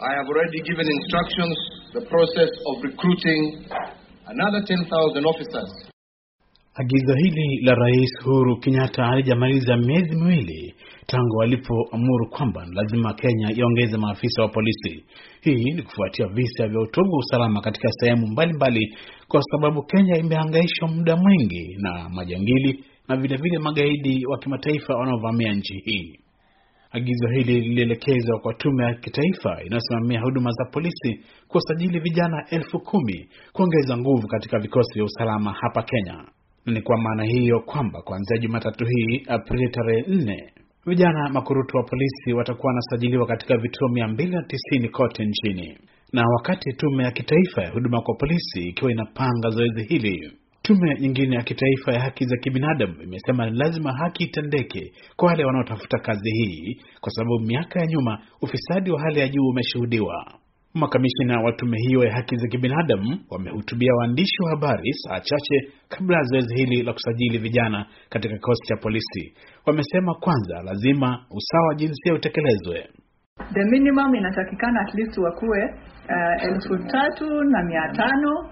I have already given instructions the process of recruiting another 10,000 officers. Agizo hili la Rais Uhuru Kenyatta alijamaliza miezi miwili tangu alipoamuru kwamba lazima Kenya iongeze maafisa wa polisi. Hii ni kufuatia visa vya utovu wa usalama katika sehemu mbalimbali, kwa sababu Kenya imehangaishwa muda mwingi na majangili na vilevile magaidi wa kimataifa wanaovamia nchi hii. Agizo hili lilielekezwa kwa tume ya kitaifa inayosimamia huduma za polisi kuwasajili vijana elfu kumi kuongeza nguvu katika vikosi vya usalama hapa Kenya. Na ni kwa maana hiyo kwamba kuanzia Jumatatu hii Aprili tarehe nne, vijana makurutu wa polisi watakuwa wanasajiliwa katika vituo tisini kote nchini. Na wakati tume ya kitaifa ya huduma kwa polisi ikiwa inapanga zoezi hili Tume nyingine ya kitaifa ya haki za kibinadamu imesema ni lazima haki itendeke kwa wale wanaotafuta kazi hii, kwa sababu miaka ya nyuma ufisadi wa hali ya juu umeshuhudiwa. Makamishina wa tume hiyo ya haki za kibinadamu wamehutubia waandishi wa habari saa chache kabla ya zoezi hili la kusajili vijana katika kikosi cha polisi. Wamesema kwanza, lazima usawa wa jinsia utekelezwe. The minimum inatakikana at least wakuwe uh, elfu tatu na mia tano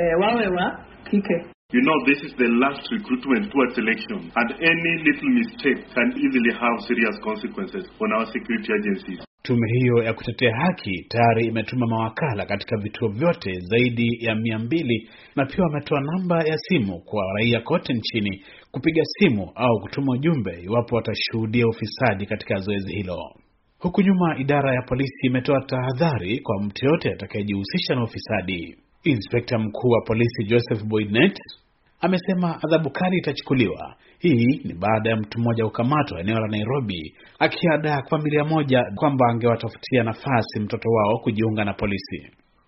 eh, wawe wa kike. You know, this is the last recruitment towards election, and any little mistake can easily have serious consequences on our security agencies. Tume hiyo ya kutetea haki tayari imetuma mawakala katika vituo vyote zaidi ya mia mbili na pia wametoa namba ya simu kwa raia kote nchini kupiga simu au kutuma ujumbe iwapo watashuhudia ufisadi katika zoezi hilo. Huku nyuma idara ya polisi imetoa tahadhari kwa mtu yoyote atakayejihusisha na ufisadi. Inspekta mkuu wa polisi Joseph Boynet amesema adhabu kali itachukuliwa. Hii ni baada ya mtu mmoja kukamatwa eneo la Nairobi akiadaa familia moja kwamba angewatafutia nafasi mtoto wao kujiunga na polisi.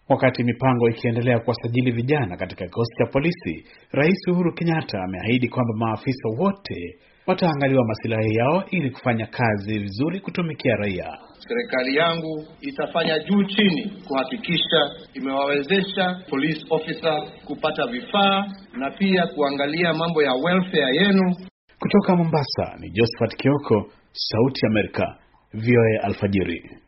Wakati mipango ikiendelea kuwasajili vijana katika kikosi cha polisi, Rais Uhuru Kenyatta ameahidi kwamba maafisa wote wataangaliwa masilahi yao ili kufanya kazi vizuri kutumikia raia serikali yangu itafanya juu chini kuhakikisha imewawezesha police officer kupata vifaa na pia kuangalia mambo ya welfare yenu. Kutoka Mombasa ni Josephat Kioko, Sauti ya Amerika, VOA Alfajiri.